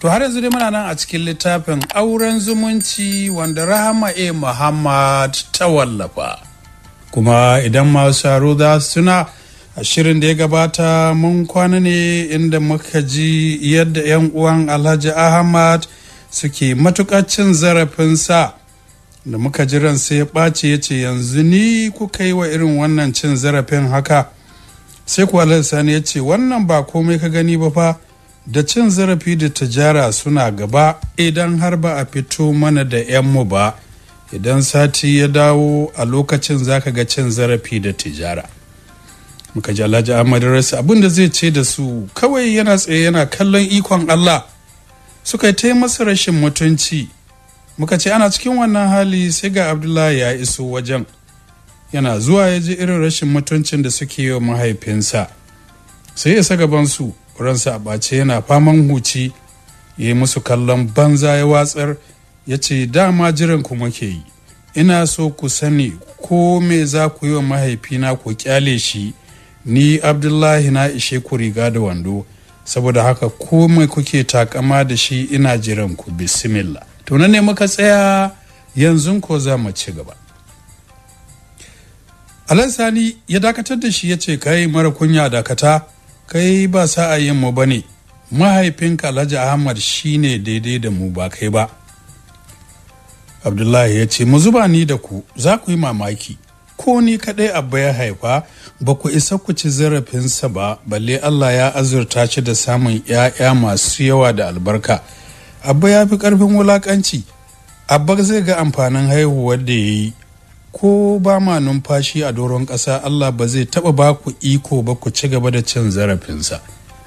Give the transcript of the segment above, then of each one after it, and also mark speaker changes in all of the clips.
Speaker 1: To har yanzu dai muna nan a cikin littafin auren zumunci wanda Rahama A. Muhammad ta wallafa. Kuma idan masu haro za suna a shirin da ya gabata mun kwana ne inda muka ji yadda 'yan uwan Alhaji Ahmad suke matuƙar cin sa, da muka ji ran sai ya ɓace ya ce yanzu ni kuka yi wa irin wannan cin zarafin haka. Sai kuwa Alhaji Sani ya ce wannan ba komai ka gani ba fa. da cin zarafi da tijara suna gaba idan har ba a fito mana da 'yanmu ba idan sati ya dawo a lokacin zaka ga cin zarafi da tijara muka ji alhaji ahmad rasu abinda zai ce da su kawai yana tsaye yana kallon ikon allah suka ta masa rashin mutunci muka ce ana cikin wannan hali sai ga abdullahi ya iso wajen yana zuwa ya ji irin rashin mutuncin da suke yi wa mahaifinsa sai ya sa gabansu ransa a ɓace yana faman huci ya musu kallon banza ya watsar ya ce dama jiran ku muke yi ina so ku sani ko me za ku yi wa mahaifina ku kyale shi ni abdullahi na ishe ku riga da wando saboda haka ko mai kuke takama da shi ina jiran ku bismillah to na ne muka tsaya yanzu ko za mu ci gaba alan sani ya dakatar da shi ya ce kai mara kunya dakata kai ba yin mu bane mahaifinka alhaji ahmad shine daidai da mu ba kai ba abdullahi ya ce mu zuba ni da ku za ku yi mamaki ko ni kadai abba ya haifa ba ku isa ku ci zarafinsa ba balle allah ya azurta shi da samun 'ya'ya masu yawa da albarka abba ya fi karfin wulakanci abba zai ga amfanin haihuwar da ya yi ko ba ma numfashi a doron ƙasa Allah ba zai taɓa ba ku iko ba ku ci gaba da cin zarafinsa.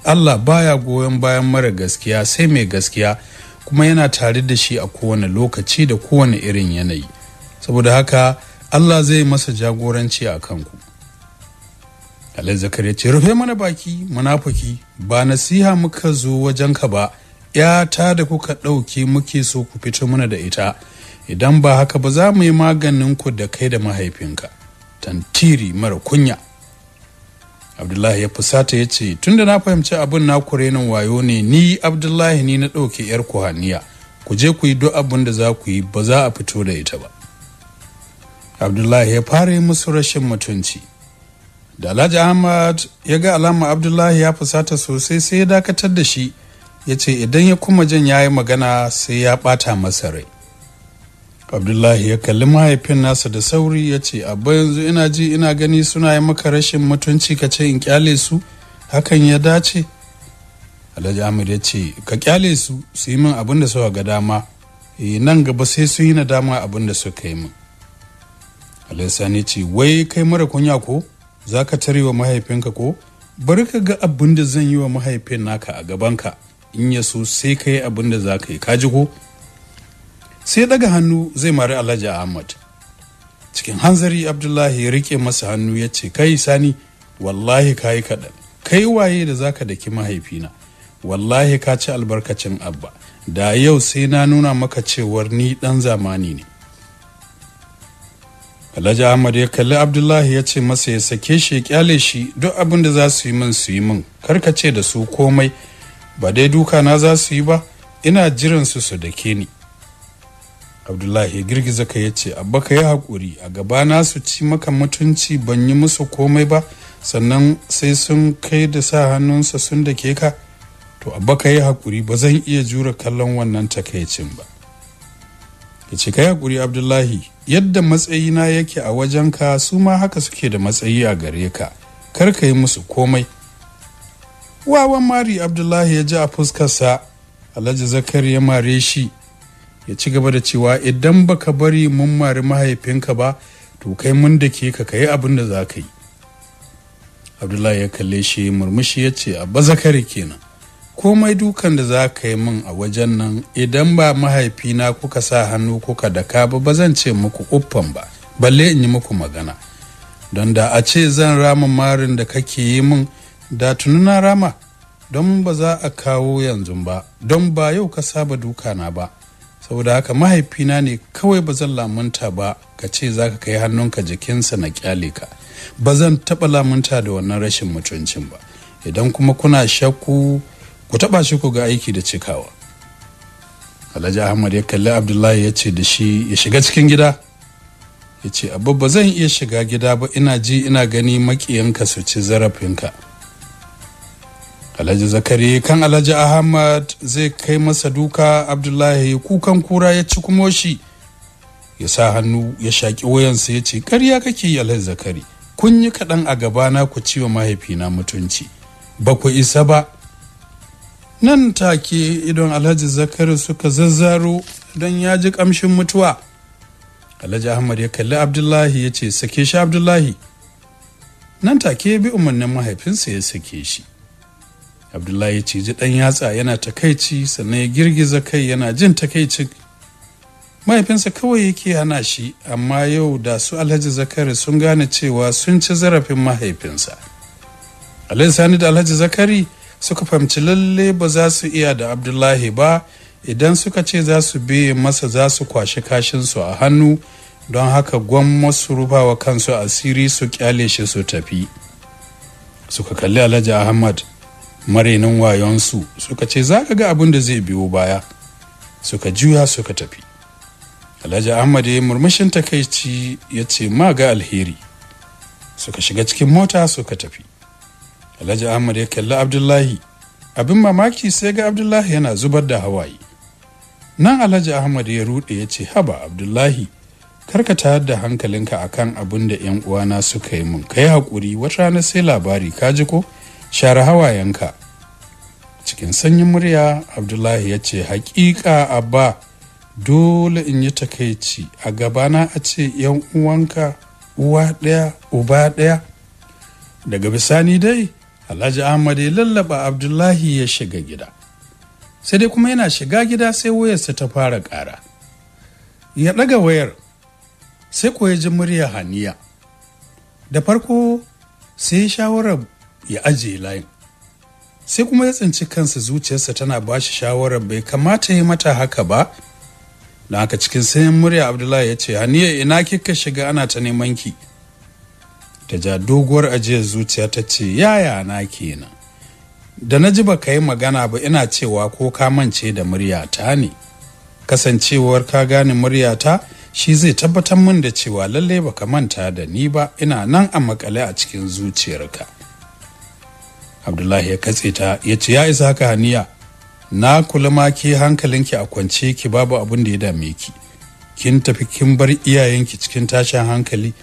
Speaker 1: Allah baya goyon bayan mara gaskiya sai mai gaskiya kuma yana tare da shi a kowane lokaci da kowane irin yanayi. Saboda haka Allah zai masa jagoranci a kanku. Alai Zakar ya ce rufe mana baki munafuki. ba nasiha muka zo wajenka ba ‘yata da kuka ɗauke muke so ku fito mana da ita. idan ba haka ba za mu yi maganin ku da kai da mahaifinka tantiri mara kunya abdullahi ya fusata ya ce tunda na fahimci abin na nan wayo ne ni abdullahi ni na ɗauke yar kuhaniya ku je ku yi duk abin da za ku yi ba za a fito da ita ba abdullahi ya fara yi musu rashin mutunci da alhaji ahmad ya ga alama abdullahi ya fusata sosai sai ya dakatar da shi ya ce idan ya kuma jan ya yi magana sai ya ɓata masa rai abdullahi ya kalli mahaifin nasa da sauri ya ce abba yanzu ina ji ina gani suna yi maka rashin mutunci ka ce in kyale su hakan ya dace alhaji ahmad ya ce ka kyale su su yi min abin da suka ga dama eh, nan gaba sai sun yi nadama abin da suka yi min alhaji sani ce wai kai mara kunya ko za ka tare wa mahaifinka ko bari ka ga abin da zan yi wa mahaifin naka a gabanka in ya so sai ka yi abin da za ka yi ka ji ko sai daga hannu zai mari alhaji ahmad cikin hanzari abdullahi ya rike masa hannu ya ce kai sani wallahi ka yi kaɗan kai waye da zaka daki mahaifina wallahi ka ci albarkacin abba da yau sai na nuna maka cewar ni ɗan zamani ne alhaji ahmad ya kalli abdullahi ya ce masa ya sake shi ya kyale shi duk abin da za su yi min su yi min karkace da su komai ba dai duka na za su yi ba ina jiran su su dake ni abdullahi ya girgiza ka ya ce abba ka yi hakuri a gabana su ci maka mutunci ban yi musu komai ba sannan sai sun kai da sa hannunsa sun da ke ka to abba ka yi haƙuri ba zan iya jura kallon wannan takaicin ba ya ce ka yi haƙuri abdullahi yadda matsayina yake a wajen ka su ma haka suke da matsayi a gare ka kar ka yi musu komai wawan mari abdullahi ya ji a fuskarsa alhaji zakari ya mare shi ya ci gaba da cewa idan baka bari mun mari mahaifinka ba to kai mun da ke ka kai abin da za ka yi abdullahi ya kalle shi murmushi ya ce a bazakari kenan komai dukan da za ka yi min a wajen nan idan ba mahaifina kuka sa hannu kuka da ka ba ba zan ce muku uffan ba balle in yi muku magana don da a ce zan rama marin da kake yi min da tuni na rama don ba za a kawo yanzu ba don ba yau ka saba dukana ba saboda haka mahaifina ne kawai ba zan lamunta ba ka ce za ka kai hannunka jikinsa na kyale ka ba zan taɓa lamunta da wannan rashin mutuncin ba idan kuma kuna shakku ku taɓa shi ku ga aiki da cikawa alhaji ahmad ya kalli abdullahi ya ce da shi ya shiga cikin gida ya ce abu ba zan iya shiga gida ba ina ji ina gani makiyanka su ci zarafinka alhaji zakari kan alhaji ahmad zai kai masa duka abdullahi kukan kura ya ci kuma shi ya sa hannu ya shaƙi wayansa ya ce ƙarya kake yi alhaji zakari kun yi kaɗan a gabana ku ciwa mahaifina mutunci ba ku isa ba nan take idon alhaji zakari suka zazzaro don ya ji ƙamshin mutuwa alhaji ahmad ya kalli abdullahi ya ce sake shi abdullahi nan take bi umarnin mahaifinsa ya sake shi abdullahi ya ciji ɗan yatsa yana takaici sannan ya girgiza kai yana jin takaici mahaifinsa kawai yake hana shi amma yau da su alhaji zakari sun gane cewa sun ci zarafin mahaifinsa alhaji sani da alhaji zakari suka fahimci lalle ba za su iya da abdullahi ba idan suka ce za su bi masa za su kwashi kashinsu a hannu don haka gwamma su rufawa kansu asiri su kyale shi su tafi suka kalli alhaji ahmad marenin wayonsu suka ce za ka ga abin da zai biyo baya suka juya suka tafi alhaji ahmad ya murmushin takaici ya ce ma ga alheri suka shiga cikin mota suka tafi alhaji ahmad ya kalli abdullahi abin mamaki sai ga abdullahi yana zubar da hawaye nan alhaji ahmad ya rude ya ce haba abdullahi karka tayar da hankalinka akan abin da yan uwana suka yi mun kai haƙuri wata rana sai labari ka ji ko share hawayenka cikin sanyin murya abdullahi ya ce hakika abba dole in yi takaici a gabana a ce yan uwanka uwa ɗaya uba ɗaya daga bisani dai alhaji ahmad ya lallaba abdullahi ya shiga gida sai dai kuma yana shiga gida sai wayarsa ta fara ƙara ya ɗaga wayar sai ko ya ji murya haniya da farko sai shawarar ya ajiye layin sai kuma ya tsinci kansa zuciyarsa tana ba shi shawarar bai kamata ya mata haka ba don haka cikin sayan murya abdullahi ya ce haniya ina kika shiga ana ta neman ki ta ja doguwar ajiyar zuciya ta ce yaya na kenan da na ji baka yi magana ba ina cewa ko ka mance da muryata ne kasancewar ka gane muryata shi zai tabbatar min da cewa lallai baka manta da ni ba ina nan a makale a cikin zuciyarka abdullahi ya katse ta ya ce ya isa haka haniya na kula ma ke hankalinki a kwance ki babu abin da ya dame ki kin tafi kin bar iyayenki cikin tashin hankali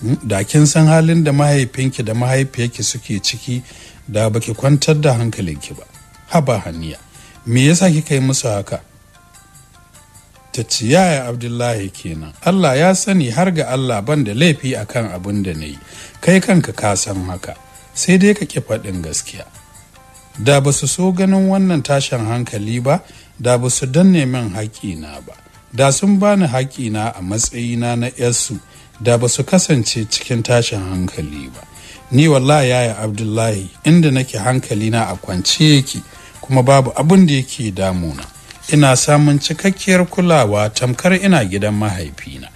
Speaker 1: hmm, da kin san halin da mahaifinki da mahaifiyarki suke ciki da baki kwantar da hankalinki ba haba haniya me yasa kika yi musu haka ta ce yaya abdullahi kenan allah ya sani har ga allah ban da laifi akan abin da na yi kai kanka ka san haka sai dai ka ƙi faɗin gaskiya da ba su so ganin wannan tashin hankali ba da ba su danne min haƙina ba da sun bani haƙina a matsayina na 'yarsu da ba su kasance cikin tashin hankali ba ni wallahi yaya abdullahi inda nake hankalina a kwance yake kuma babu abin da yake damuna ina samun cikakkiyar kulawa tamkar ina gidan mahaifina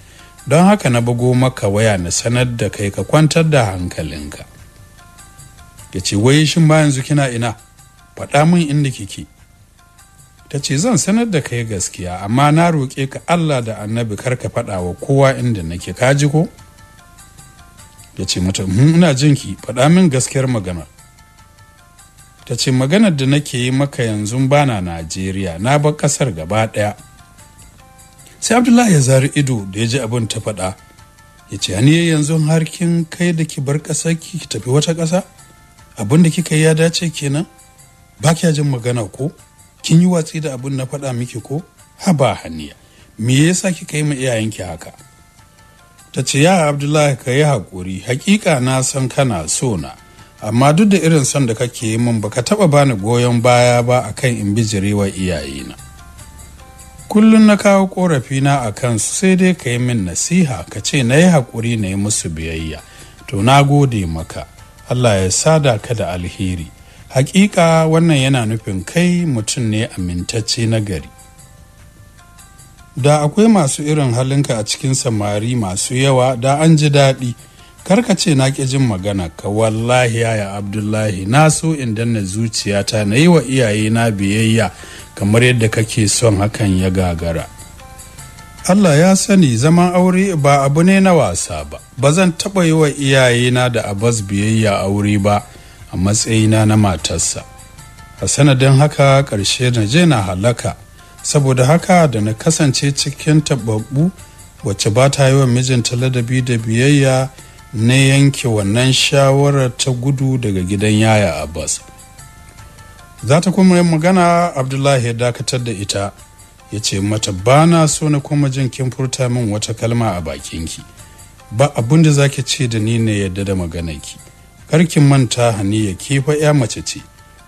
Speaker 1: don haka na bugo maka waya na sanar da kai ka kwantar da hankalinka ya ce wai shin ba yanzu kina ina faɗa min inda kike ta ce zan sanar da kai gaskiya amma na roƙe ka allah da annabi kar ka faɗa wa kowa inda nake ka ji ko ya ce mata hmm, ina jin ki. faɗa min gaskiyar magana ta ce maganar da nake yi maka yanzu bana najeriya na bar ƙasar gaba ɗaya sai abdullahi ya zari ido da ya ji abin ta faɗa ya ce ni yanzu har kin kai da ki bar ƙasar ki tafi wata ƙasa abin da kika yi ya dace kenan ba kya jin magana ko kin yi watsi da abin na faɗa miki ko haba haniya me yasa kika yi ma iyayenki haka ta ce ya abdullahi ka yi haƙuri hakika na san kana so na amma duk da irin son da kake yi min baka taɓa bani goyon baya ba akan in bijirewa iyayena kullum na kawo na a kansu sai dai ka yi min nasiha ka ce na yi haƙuri na yi musu biyayya to na gode maka Allah ya sada ka da alheri hakika wannan yana nufin kai mutum ne amintacce na gari da akwai masu irin halinka a cikin samari masu yawa da an ji daɗi karka ce na ƙi jin magana ka wallahi ya abdullahi na so in danna zuciyata na yi wa iyaye na biyayya kamar yadda kake son hakan ya gagara Allah ya sani zaman aure ba abu ne na wasa ba ba zan taɓa yi wa iyayena da bas biyayya aure ba a matsayina na matarsa a sanadin haka ƙarshe na je na halaka saboda haka da na kasance cikin taɓaɓɓu wacce ba ta yi wa mijinta ladabi da biyayya na yanke wannan shawarar ta gudu daga gidan yaya abas. za ta kuma magana abdullahi ya dakatar da ita ya ce mata ba na so na kuma jin kin furta min wata kalma a bakin ki. ba abin da zaki ce da ni ne yadda da ki karkin manta haniya kefa fa ya mace ce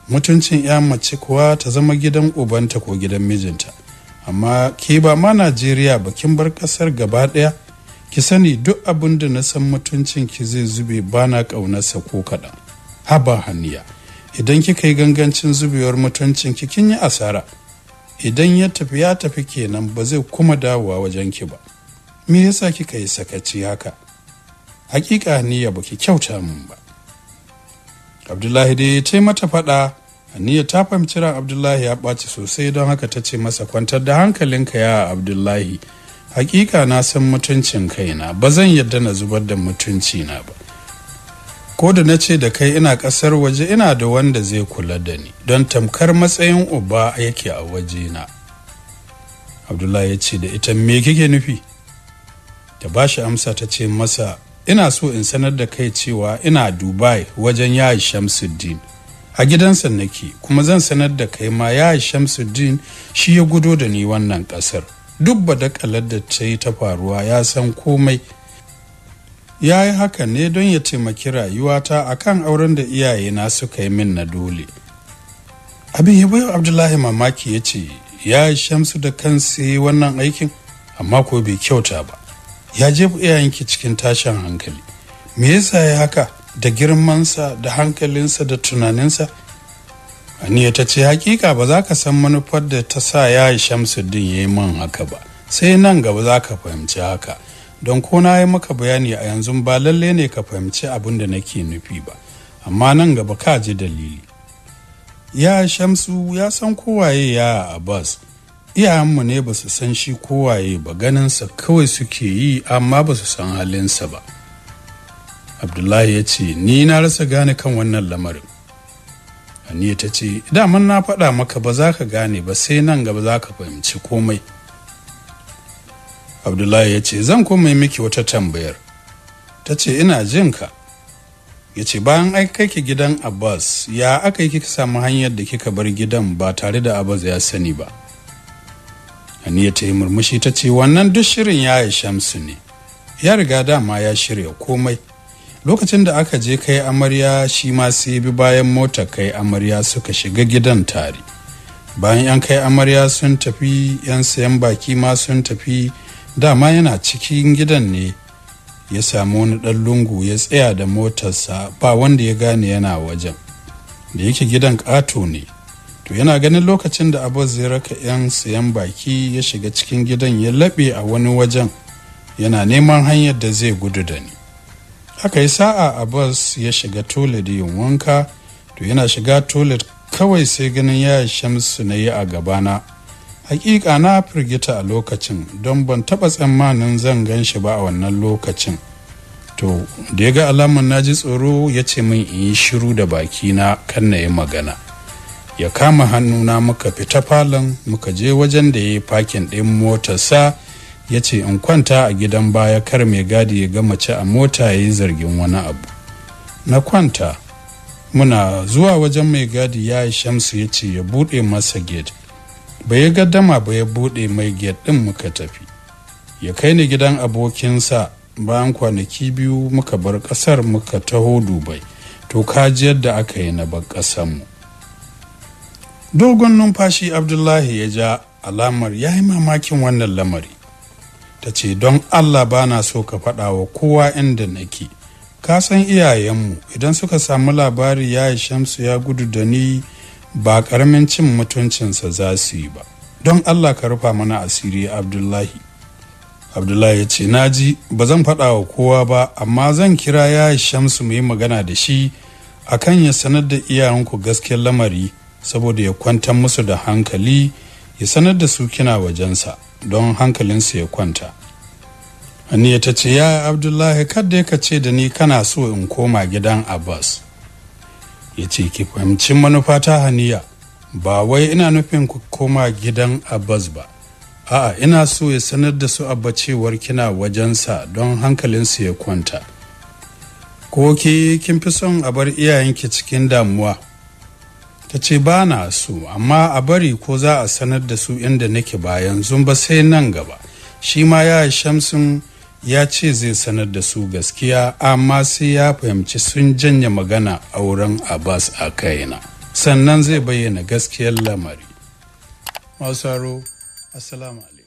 Speaker 1: mutuncin ya mace kuwa ta zama gidan ubanta ko gidan mijinta amma ke ba ma najeriya ba, kin bar kasar gaba daya ki sani duk abin da na san mutuncin ki zai zube ba na ƙaunarsa ko kaɗan haba haniya idan kika yi gangancin zubewar mutuncin ki kin yi asara idan ya tafi ya tafi kenan ba zai kuma dawowa wajen ki ba me yasa kika yi sakaci haka hakika niyya baki kyauta min ba abdullahi dai ya ce mata faɗa aniya ta fahimci ran abdullahi ya ɓaci sosai don haka ta ce masa kwantar da hankalinka ya abdullahi hakika na san mutuncin kaina ba zan yadda na zubar da mutunci na ba ko da na ce da kai ina ƙasar waje ina da wanda zai kula da ni don tamkar matsayin uba yake a waje na abdullahi ya ce da ita me kike nufi ta ba shi amsa ta ce masa ina so in sanar da kai cewa ina dubai wajen yayi shamsuddin a gidansa nake kuma zan sanar da kai ma yayi shamsuddin shi ya gudo da ni wannan ƙasar duk ba da da ta yi ta faruwa ya san komai ya yi haka ne don ya taimaki rayuwata kan auren da iyayena suka yi min na dole abin bayo abdullahi mamaki ya ce ya shamsu da kansa wannan aikin amma ko bai kyauta ba ya jefa iyayenki cikin tashin hankali me yasa ya haka da girmansa da hankalinsa da tunaninsa aniya ta ce hakika ba za ka san manufar da ta sa ya shamsu ya yi man haka ba sai nan gaba za ka fahimci haka don ko na yi maka bayani a yanzu ba lalle ne ka fahimci abin da nake nufi ba amma nan gaba ka ji dalili ya shamsu ya san kowaye ya abbas iyayenmu ne ba su san shi kowaye ba ganinsa kawai suke yi amma ba su san halinsa ba abdullahi ya ce ni na rasa gane kan wannan lamarin aniya ta ce daman na faɗa maka ba za ka gane ba sai nan gaba za ka fahimci komai abdullahi ya ce zan kuma miki wata tambayar ta ce ina jin ka ya ce bayan aiki-kai-ke gidan abbas ya aka yi kika samu hanyar da kika bar gidan ba tare da abbas ya sani ba aniya ta yi murmushi ta ce wannan duk shirin ya yi shamsu ne ya riga dama ya shirya komai lokacin da aka je kai amarya shi ma sai bi bayan mota kai amarya suka shiga gidan tare bayan yan kai amarya sun tafi yan sayan baki ma sun tafi dama yana cikin gidan ne ya samu wani ɗan lungu ya tsaya da motarsa ba wanda ya gane yana wajen da yake gidan ƙato ne to yana ganin lokacin da abu zai raka 'yan sayan baki ya shiga cikin gidan ya laɓe a wani wajen yana neman hanyar da zai gudu da ni aka yi sa'a a bas ya shiga toilet yin wanka to yana shiga toilet kawai sai ganin ya shamsu na yi a gabana hakika na firgita a lokacin don ban taba tsammanin zan gan shi ba a wannan lokacin to da ya ga alamun na ji tsoro ya ce min in yi shiru da baki na kan na yi magana ya kama hannuna muka fita falon muka je wajen da ya yi fakin ɗin motarsa ya ce in kwanta a gidan baya kar mai gadi ya ga mace a mota ya yi zargin wani abu na kwanta muna zuwa wajen mai gadi ya yi shamsu ya ce ya buɗe masa gate bai ga dama ba ya buɗe mai gate ɗin muka tafi ya kai ni gidan abokinsa bayan kwanaki biyu muka bar ƙasar muka taho dubai to kaji yadda aka yi na bar mu. dogon numfashi abdullahi ya ja alamar ya yi mamakin wannan lamari ta ce don allah ba na so ka faɗa wa kowa inda nake ka san iyayenmu idan suka samu labari ya yi shamsu ya gudu da ni ba karamin cin mutuncinsa za su yi ba don allah ka rufa mana asiri abdullahi abdullahi ya ce na ji ba zan faɗa wa kowa ba amma zan kira ya shamsu mu yi magana da shi a kan ya sanar da iyayenku gaskiyar lamari saboda ya kwantar musu da hankali ya sanar da su kina wajensa don hankalinsu ya kwanta aniya ta ce ya abdullahi kadda ya ce da ni kana so in koma gidan abbas ya ce ki fahimci manufa ta haniya ba wai ina nufin ku koma gidan abbas ba a'a ina so ya sanar da su abba cewar kina wajensa don hankalinsu ya kwanta ko ki kin fi son a bar iyayenki cikin damuwa ta ce ba na so amma a bari ko za a sanar da su inda nake ba yanzu ba sai nan gaba shi ma ya shamsin ya ce zai sanar da su gaskiya amma sai ya fahimci sun janye magana a wurin abbas a kaina sannan zai bayyana gaskiyar lamari masu assalamu alaikum